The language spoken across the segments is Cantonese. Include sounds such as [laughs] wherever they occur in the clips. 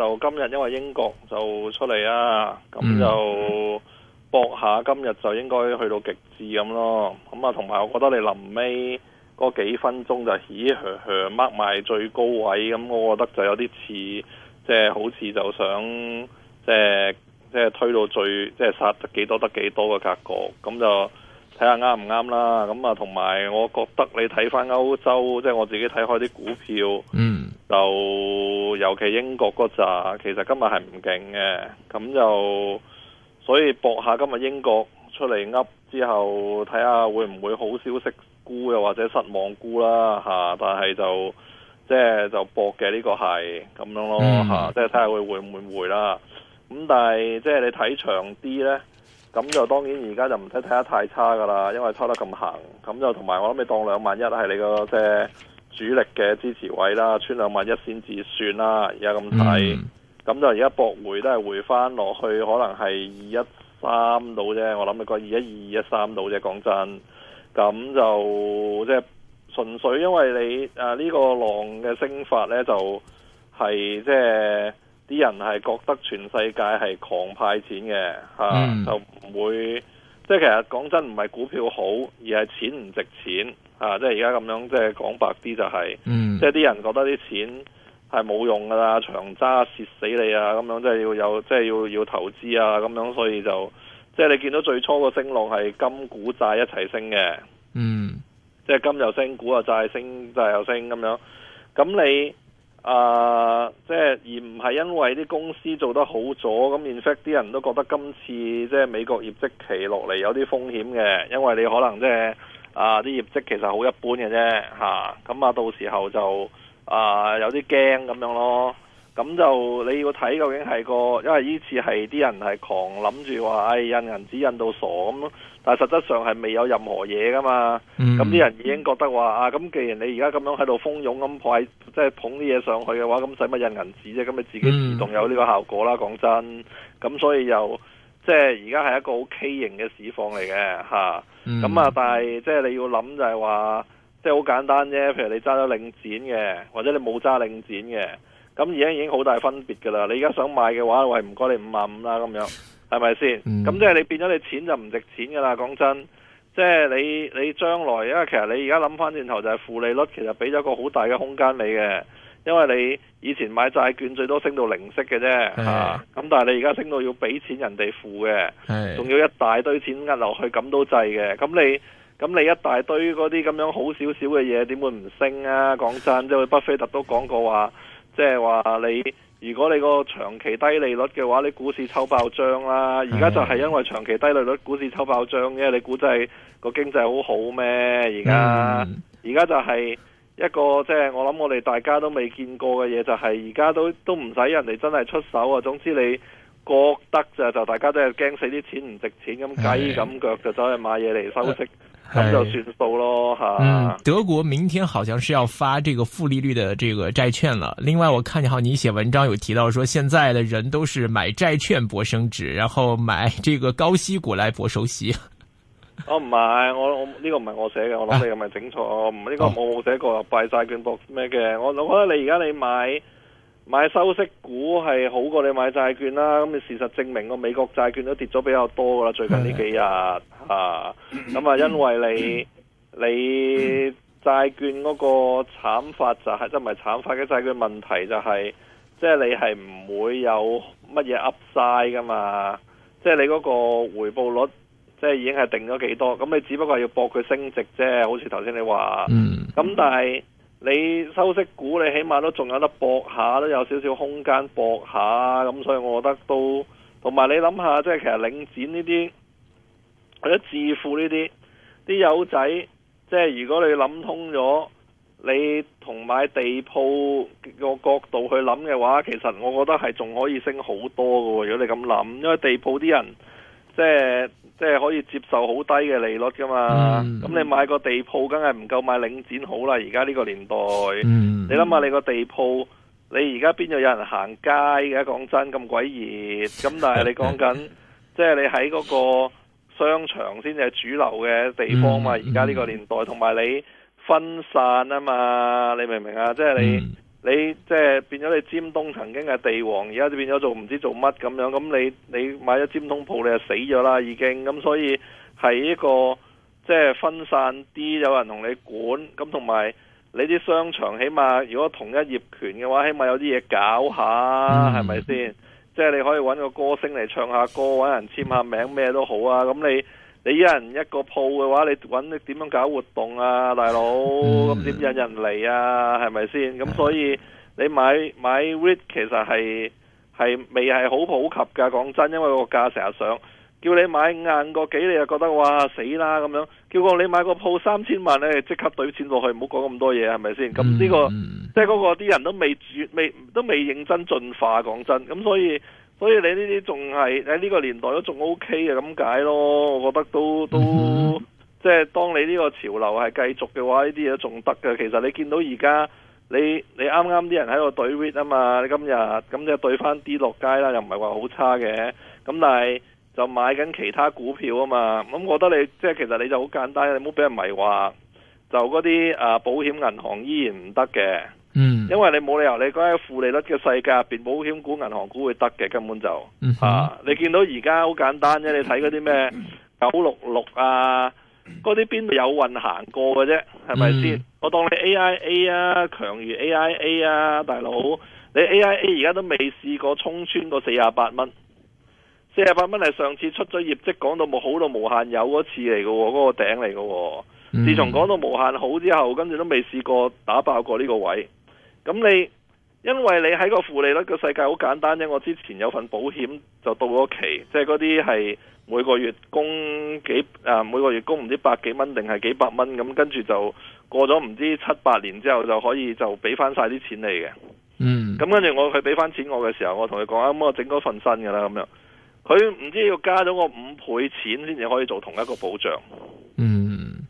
就今日，因為英國就出嚟啊，咁就搏下今日就應該去到極致咁咯。咁、嗯、啊，同埋、嗯嗯、我覺得你臨尾嗰幾分鐘就嘻嘻起起，掹埋最高位，咁我覺得就有啲似，即、就、係、是、好似就想，即係即係推到最，即、就、係、是、殺得幾多得幾多嘅格局。咁就睇下啱唔啱啦。咁啊，同埋我覺得你睇翻歐洲，即係我自己睇開啲股票。嗯。嗯就尤其英國嗰扎，其實今日係唔勁嘅，咁就所以博下今日英國出嚟噏之後，睇下會唔會好消息沽，又或者失望沽啦嚇。但係就即係就博嘅呢個係咁樣咯嚇，即係睇下會回唔會回啦。咁、嗯、但係即係你睇長啲呢，咁就當然而家就唔使睇得太差㗎啦，因為抽得咁行，咁就同埋我諗你當兩萬一係你個即係。就是主力嘅支持位啦，穿兩萬一先至算啦。而家咁睇，咁、嗯、就而家博回都係回翻落去，可能係二一三度啫。我諗你個二一二二一三度啫。講真，咁就即係純粹因為你誒呢、啊這個浪嘅升法呢，就係即係啲人係覺得全世界係狂派錢嘅吓，嗯、就唔會即係其實講真唔係股票好，而係錢唔值錢。啊，即係而家咁樣，即係講白啲就係、是嗯，即係啲人覺得啲錢係冇用㗎啦，長揸蝕死你啊！咁樣即係要有，即係要要投資啊！咁樣所以就，即係你見到最初個升浪係金股債一齊升嘅，嗯，即係金又升，股又債又升，債又升咁樣。咁你啊、呃，即係而唔係因為啲公司做得好咗，咁 in fact 啲人都覺得今次即係美國業績期落嚟有啲風險嘅，因為你可能即、就、係、是。啊！啲業績其實好一般嘅啫，嚇，咁啊，到時候就啊有啲驚咁樣咯。咁就你要睇究竟係個，因為依次係啲人係狂諗住話，唉、哎、印銀紙印到傻咁，但係實質上係未有任何嘢噶嘛。咁啲、嗯、人已經覺得話啊，咁既然你而家咁樣喺度蜂擁咁捧，即、就、係、是、捧啲嘢上去嘅話，咁使乜印銀紙啫？咁你自己自動有呢個效果啦。講真，咁所以又即係而家係一個好畸形嘅市況嚟嘅嚇。咁啊！嗯、但係即係你要諗就係話，即係好簡單啫。譬如你揸咗領展嘅，或者你冇揸領展嘅，咁而家已經好大分別噶啦。你而家想買嘅話，我係唔該你五萬五啦，咁樣係咪先？咁即係你變咗你錢就唔值錢噶啦。講真，即係你你將來，因為其實你而家諗翻轉頭就係負利率，其實俾咗個好大嘅空間俾你嘅。因為你以前買債券最多升到零息嘅啫，咁是的、啊、但係你而家升到要畀錢人哋付嘅，仲是的 要一大堆錢壓落去咁都滯嘅。咁你咁你一大堆嗰啲咁樣好少少嘅嘢，點會唔升啊？講真，即係巴菲特都講過話，即係話你如果你個長期低利率嘅話，你股市抽爆漲啦。而家是的 就係因為長期低利率，股市抽爆漲，嘅。你估真係個經濟好好咩？而家而家就係、是。一個即係我諗我哋大家都未見過嘅嘢，就係而家都都唔使人哋真係出手啊。總之你覺得就就大家都係驚死啲錢唔值錢，咁雞咁腳就走去買嘢嚟收息，咁、哎、就算數咯嚇。嗯，德國明天好像是要發這個負利率的這個債券啦。另外，我見到好你寫文章有提到，說現在的人都是買債券博升值，然後買這個高息股來博收息。哦唔係，我我呢個唔係我寫嘅，我諗、這個、你又咪整錯，唔呢、啊這個我冇寫過，買債券博咩嘅？我我覺得你而家你買買收息股係好過你買債券啦。咁事實證明個美國債券都跌咗比較多噶啦，最近呢幾日吓。咁 [laughs] 啊，因為你 [laughs] 你債券嗰個慘法就係、是，即係唔係慘法嘅債、啊、券問題就係、是、即、就、係、是、你係唔會有乜嘢 Upside 噶嘛？即、就、係、是、你嗰個回報率。即係已經係定咗幾多，咁你只不過係要博佢升值啫。好似頭先你話，咁、嗯、但係你收息股，你起碼都仲有得博下，都有少少空間博下。咁所以，我覺得都同埋你諗下，即係其實領展呢啲或者置富呢啲啲友仔，即係如果你諗通咗，你同埋地鋪個角度去諗嘅話，其實我覺得係仲可以升好多㗎。如果你咁諗，因為地鋪啲人即係。即係可以接受好低嘅利率㗎嘛？咁、嗯、你買個地鋪，梗係唔夠買領展好啦！而家呢個年代，嗯、你諗下你個地鋪，你而家邊度有人行街嘅？而家講真咁鬼熱，咁但係你講緊， [laughs] 即係你喺嗰個商場先至係主流嘅地方嘛？而家呢個年代，同埋你分散啊嘛？你明唔明啊？即係你。嗯你即係變咗，你尖東曾經係地王，而家就變咗做唔知做乜咁樣。咁你你買咗尖東鋪，你就死咗啦，已經。咁所以係呢個即係分散啲，有人同你管。咁同埋你啲商場起碼如果同一業權嘅話，起碼有啲嘢搞下，係咪先？即係你可以搵個歌星嚟唱下歌，搵人簽下名，咩、嗯、都好啊。咁你。你一人一個鋪嘅話，你搵你點樣搞活動啊，大佬咁點引人嚟啊？係咪先？咁所以你買買 Red 其實係係未係好普及噶，講真，因為個價成日上，叫你買硬個幾，你又覺得哇死啦咁樣。叫個你買個鋪三千萬咧，即刻懟錢落去，唔好講咁多嘢，係咪先？咁呢個即係嗰個啲人都未未都未認真進化，講真，咁所以。所以你呢啲仲係喺呢個年代都仲 OK 嘅，咁解咯，我覺得都都、mm hmm. 即係當你呢個潮流係繼續嘅話，呢啲嘢仲得嘅。其實你見到而家你你啱啱啲人喺度對 red 啊嘛，你今日咁就對翻啲落街啦，又唔係話好差嘅。咁但係就買緊其他股票啊嘛，咁我覺得你即係其實你就好簡單，你唔好俾人迷惑，就嗰啲誒保險銀行依然唔得嘅。嗯，因為你冇理由你覺得喺負利率嘅世界入邊，保險股、銀行股會得嘅，根本就吓、啊、你見到而家好簡單啫。你睇嗰啲咩九六六啊，嗰啲邊度有運行過嘅啫？係咪先？嗯、我當你 AIA 啊，強如 AIA 啊，大佬你 AIA 而家都未試過衝穿過四十八蚊，四十八蚊係上次出咗業績講到冇好到無限有嗰次嚟嘅，嗰、嗰個頂嚟嘅。自從講到無限好之後，跟住都未試過打爆過呢個位。咁你，因為你喺個負利率個世界好簡單啫。我之前有份保險就到咗期，即係嗰啲係每個月供幾、啊、每個月供唔知百幾蚊定係幾百蚊咁，跟住就過咗唔知七八年之後就可以就俾翻晒啲錢你嘅。嗯，咁跟住我佢俾翻錢我嘅時候，我同佢講啱我整嗰份新㗎啦咁樣，佢唔知要加咗個五倍錢先至可以做同一個保障。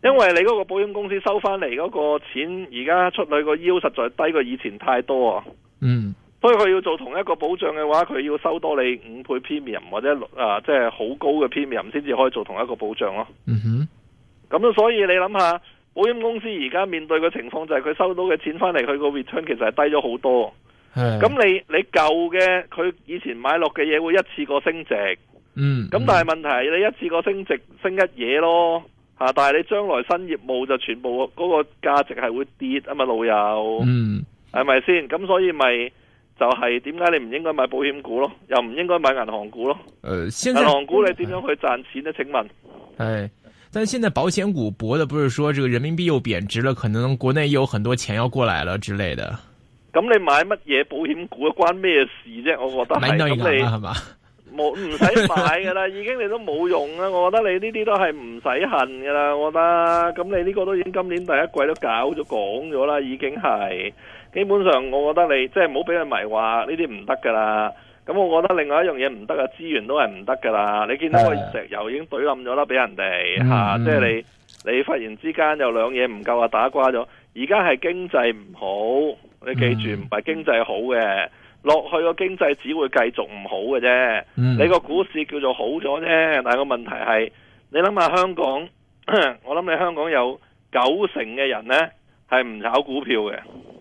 因為你嗰個保險公司收翻嚟嗰個錢，而家出去個腰實在低過以前太多啊。嗯，所以佢要做同一個保障嘅話，佢要收多你五倍 premium 或者啊，即係好高嘅 premium 先至可以做同一個保障咯。嗯哼，咁所以你諗下，保險公司而家面對嘅情況就係佢收到嘅錢翻嚟，佢個 return 其實係低咗好多。係、嗯，咁你你舊嘅佢以前買落嘅嘢會一次過升值。嗯、嗯，咁但係問題係你一次過升值升一嘢咯。啊！但係你將來新業務就全部嗰個價值係會跌啊嘛，老友，嗯係咪先？咁所以咪就係點解你唔應該買保險股咯，又唔應該買銀行股咯？誒、呃，現在銀行股你點樣去賺錢咧？請問係、哎，但是現在保險股博的不是說這個人民幣又貶值了，可能國內又有很多錢要過來了之類的。咁你買乜嘢保險股關咩事啫？我覺得買到銀行啦，係嘛你？冇唔使買噶啦，已經你都冇用啦。我覺得你呢啲都係唔使恨噶啦。我覺得咁你呢個都已經今年第一季都搞咗講咗啦，已經係基本上，我覺得你即係唔好俾人迷惑呢啲唔得噶啦。咁我覺得另外一樣嘢唔得啊，資源都係唔得噶啦。你見到個石油已經懟冧咗啦，俾人哋吓，啊嗯、即係你你忽然之間有兩嘢唔夠啊，打瓜咗。而家係經濟唔好，你記住唔係、嗯、經濟好嘅。落去個經濟只會繼續唔好嘅啫，你個股市叫做好咗啫，但係個問題係你諗下香港，我諗你香港有九成嘅人呢係唔炒股票嘅，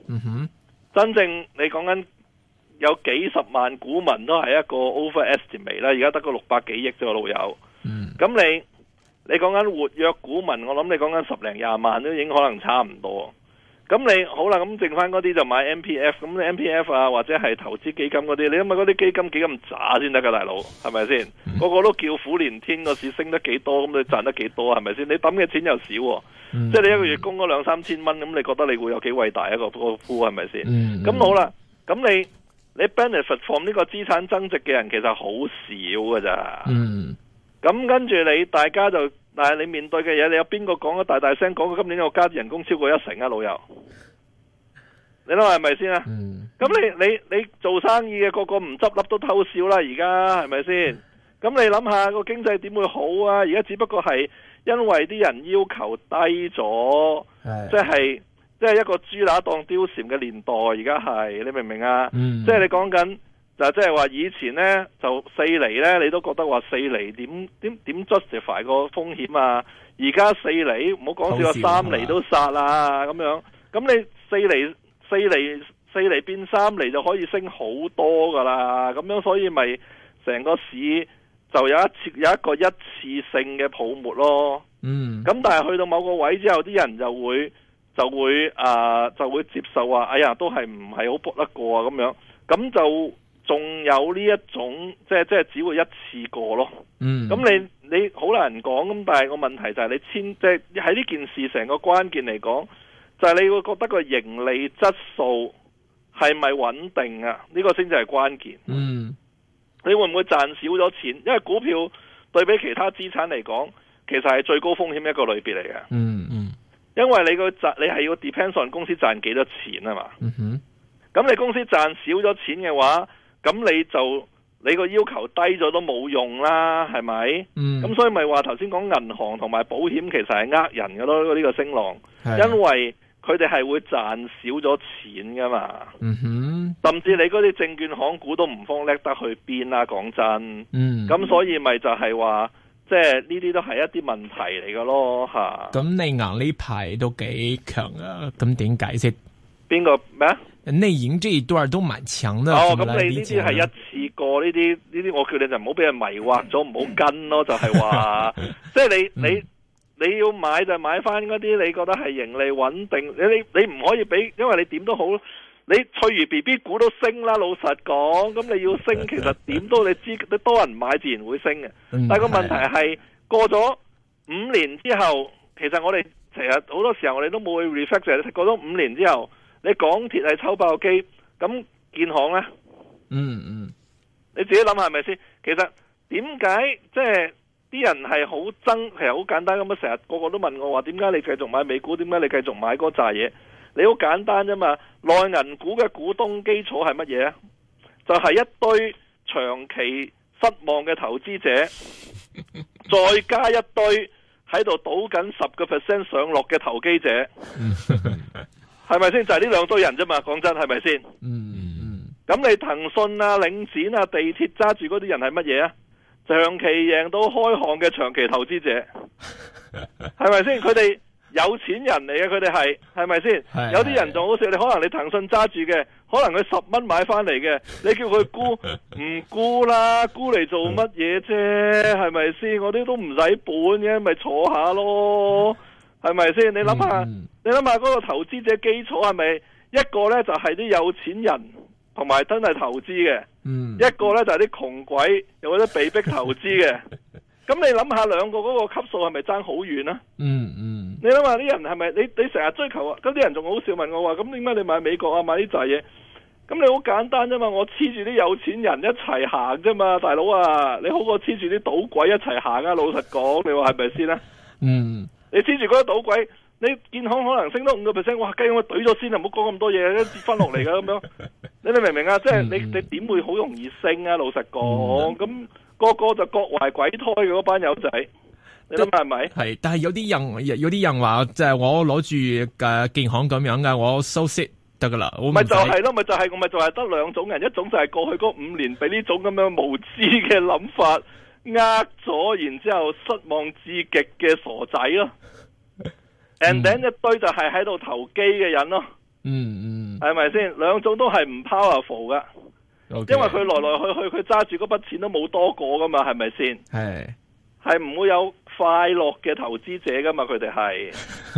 嗯哼，真正你講緊有幾十萬股民都係一個 overestimate 啦，而家得個六百幾億啫，老友，咁你你講緊活躍股民，我諗你講緊十零廿萬都已經可能差唔多。咁你好啦，咁剩翻嗰啲就買 M P F，咁 M P F 啊，或者係投資基金嗰啲，你諗下嗰啲基金幾咁渣先得噶，大佬係咪先？個、嗯、個都叫苦連天，個市升得幾多，咁你賺得幾多係咪先？你抌嘅錢又少，啊、嗯、即係你一個月供嗰兩三千蚊，咁你覺得你會有幾偉大一個富富係咪先？咁、嗯嗯、好啦，咁你你 benefit from 呢個資產增值嘅人其實好少噶咋？咁、嗯、跟住你大家就。但係你面對嘅嘢，你有邊個講得大大聲講？講過今年我加人工超過一成啊，老友，你諗係咪先啊？咁、嗯、你你你做生意嘅個個唔執笠都偷笑啦，而家係咪先？咁、嗯、你諗下個經濟點會好啊？而家只不過係因為啲人要求低咗的，即係即係一個豬乸當貂蟬嘅年代，而家係你明唔明啊？嗯、即係你講緊。嗱，即係話以前呢，就四厘呢，你都覺得話四厘點點點 justify 個風險啊？而家四厘，唔好講笑，三厘都殺啦咁樣。咁你四厘、四厘、四厘變三厘就可以升好多噶啦。咁樣所以咪成個市就有一次有一個一次性嘅泡沫咯。嗯。咁但係去到某個位之後，啲人就會就會、呃、就會接受話，哎呀都係唔係好搏得過啊咁樣。咁就仲有呢一種，即係即係只會一次過咯。嗯，咁你你好難講。咁但係個問題就係你千即係喺呢件事成個關鍵嚟講，就係你會覺得個盈利質素係咪穩定啊？呢個先至係關鍵。嗯，你會唔會賺少咗錢？因為股票對比其他資產嚟講，其實係最高風險一個類別嚟嘅。嗯嗯，因為你個賺你係要 depends on 公司賺幾多錢啊嘛。嗯哼，咁你公司賺少咗錢嘅話，咁你就你個要求低咗都冇用啦，係咪？嗯。咁所以咪話頭先講銀行同埋保險其實係呃人噶咯，呢、這個升浪，的因為佢哋係會賺少咗錢噶嘛。嗯哼。甚至你嗰啲證券行股都唔方叻得去邊啦，講真。嗯。咁所以咪就係話，即係呢啲都係一啲問題嚟㗎咯吓。咁你硬呢排都幾強啊？咁點解釋？邊個咩？內營呢一段都蠻強的。哦，咁、哦、你呢啲係一次過呢啲呢啲，這些這些我叫你就唔好俾人迷惑咗，唔好跟咯。就係、是、話，即係 [laughs] 你你、嗯、你要買就買翻嗰啲你覺得係盈利穩定。你你你唔可以俾，因為你點都好，你翠如 B B 股都升啦。老實講，咁你要升，其實點都你知， [laughs] 你多人買自然會升嘅。嗯、但係個問題係的過咗五年之後，其實我哋其實好多時候我哋都冇去 reflect 嘅。過咗五年之後。你港鐵係抽爆機，咁建行呢、嗯，嗯嗯，你自己諗下係咪先？其實點解即係啲人係好憎，其實好簡單咁啊！成日個個都問我話，點解你繼續買美股？點解你繼續買嗰扎嘢？你好簡單啫嘛！內銀股嘅股東基礎係乜嘢啊？就係、是、一堆長期失望嘅投資者， [laughs] 再加一堆喺度賭緊十個 percent 上落嘅投機者。 [laughs] 係咪先？就係呢兩堆人啫嘛。講真，係咪先？嗯嗯嗯。咁你騰訊啊、領展啊、地鐵揸住嗰啲人係乜嘢啊？長期贏到開行嘅長期投資者，係咪先？佢哋有錢人嚟嘅，佢哋係係咪先？ [laughs] 有啲人仲好笑，你可能你騰訊揸住嘅，可能佢十蚊買翻嚟嘅，你叫佢沽唔沽啦？沽嚟做乜嘢啫？係咪先？我啲都唔使本嘅，咪坐下咯。係咪先？你諗下，嗯、你諗下嗰個投資者基礎係咪一個呢就係啲有錢人同埋真係投資嘅，嗯、一個呢就係啲窮鬼又或者被逼投資嘅。咁 [laughs] 你諗下兩個嗰個級數係咪爭好遠啊？嗯嗯，你諗下啲人係咪你你成日追求啊？嗰啲人仲好笑，問我話咁，點解你買美國啊？買啲雜嘢？咁你好簡單啫嘛，我黐住啲有錢人一齊行啫嘛，大佬啊，你好過黐住啲賭鬼一齊行啊！老實講，你話係咪先啊？嗯。你黐住嗰個賭鬼，你建行可能升多五個 percent，我雞我啊，懟咗先啊，唔好講咁多嘢，跌翻落嚟㗎。咁樣，你哋明唔明啊？即係你你點會好容易升啊？老實講，咁、嗯、個個就各懷鬼胎嘅嗰班友仔，但你諗下係咪？係，但係有啲人有啲人話，即、就、係、是、我攞住建行咁樣㗎，我收息得噶啦。咪就係咯，咪就係，我咪就係得兩種人，一種就係過去嗰五年俾呢種咁樣無知嘅諗法。呃咗，然之後失望至極嘅傻仔咯，and then 一堆就係喺度投機嘅人咯，嗯嗯、mm. mm.，係咪先？兩種都係唔 powerful 嘅，Okay. 因為佢來來去去，佢揸住嗰筆錢都冇多過噶嘛，係咪先？係係唔會有快樂嘅投資者噶嘛？佢哋係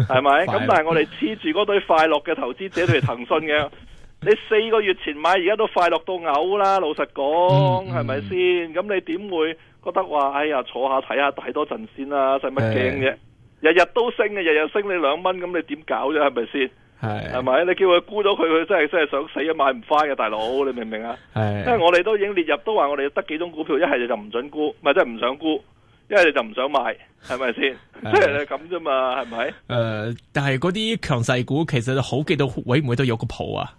係咪？咁 [laughs] 但係我哋黐住嗰堆快樂嘅投資者，譬如騰訊嘅， [laughs] 你四個月前買而家都快樂到嘔啦，老實講，係咪先？咁，mm. 你點會？覺得話哎呀，坐下睇下睇多陣先啦、啊，使乜驚啫？日日是的 都升嘅，日日升你兩蚊，咁你點搞啫？係咪先？係係咪？你叫佢沽咗佢，佢真係真係想死啊！買唔翻嘅大佬，你明唔明啊？係，是的 因為我哋都已經列入，都話我哋得幾種股票，一係就唔准沽，咪真即係唔想沽，一係就唔想買，係咪先？即係你咁啫嘛，係咪是的 [laughs] 誒、呃，但係嗰啲強勢股其實好記到會唔會都有個譜啊？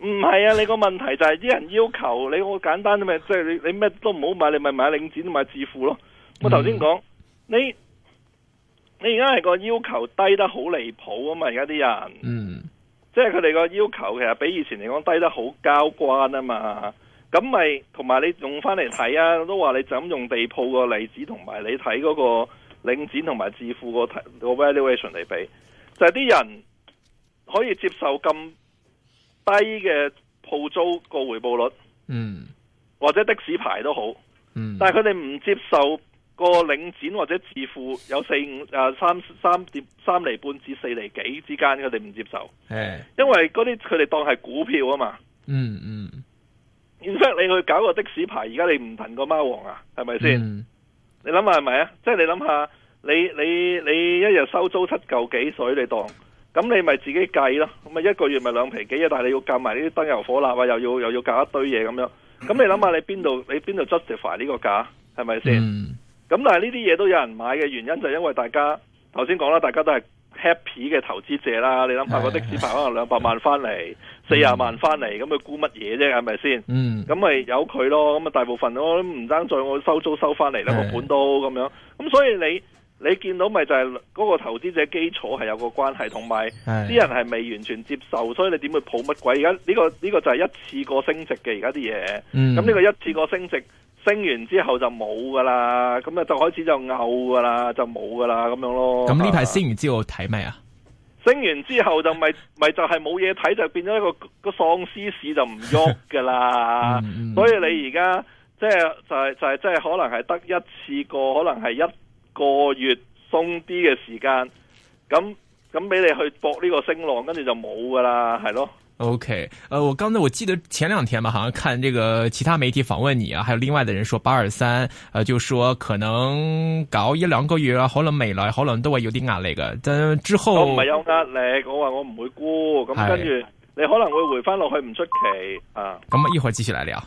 唔係啊！你個問題就係啲人要求你好簡單啫嘛，即係你你咩都唔好買，你咪買領展同埋置富咯。我頭先講你你而家係個要求低得好離譜啊嘛！而家啲人，嗯、即係佢哋個要求其實比以前嚟講低得好交關啊嘛。咁咪同埋你用翻嚟睇啊，都話你就咁用地鋪個例子，同埋你睇嗰個領展同埋置富個個 valuation 嚟比，就係啲人可以接受咁。低嘅鋪租個回報率，嗯，或者的士牌都好，嗯，但係佢哋唔接受個領展或者置富有四五誒三三點三厘半至四厘幾之間，佢哋唔接受，誒是，因為嗰啲佢哋當係股票啊嘛，嗯嗯，in fact 你去搞個的士牌，而家你唔騰個貓王啊，係咪先？你諗下係咪啊？即係你諗下，你你你一日收租七嚿幾水，所以你當。咁你咪自己計咯，咁咪一個月咪兩皮幾啊？但係你要夾埋呢啲燈油火蠟啊，又要又要夾一堆嘢咁樣。咁你諗下你邊度你邊度 justify 呢個價，係咪先？咁、嗯、但係呢啲嘢都有人買嘅原因就因為大家頭先講啦，大家都係 happy 嘅投資者啦。你諗下個的士牌可能兩百萬翻嚟，四十萬翻嚟，咁佢估乜嘢啫？係咪先？嗯，咁咪由佢咯。咁啊大部分我都唔爭在，我收租收翻嚟啦個盤都咁樣。咁所以你。你見到咪就係嗰個投資者基礎係有個關係，同埋啲人係未完全接受，所以你點會抱乜鬼？而家呢個呢、呢個就係一次過升值嘅而家啲嘢。咁呢、嗯、個一次過升值，升完之後就冇噶啦，咁啊就開始就嘔噶啦，就冇噶啦咁樣咯。咁呢排升完之後睇咩啊？升完之後就咪咪就係冇嘢睇，就變咗一個一個喪屍市就唔喐噶啦。 [laughs] 嗯嗯、所以你而家即係就係、就係、就係即係可能係得一次過，可能係一。個月鬆啲嘅時間，咁咁俾你去搏呢個聲浪，跟住就冇噶啦，係咯。OK，誒、呃，我剛才我記得前兩天吧，好像看這個其他媒體訪問你啊，還有另外的人說八二三，誒，就說可能搞一兩個月，啊，可能未來可能都會有啲壓力嘅，但之後我唔係有壓力，我話我唔會沽，咁跟住你可能會回翻落去，唔出奇，嗯、啊。咁啊，一會兒繼續嚟聊。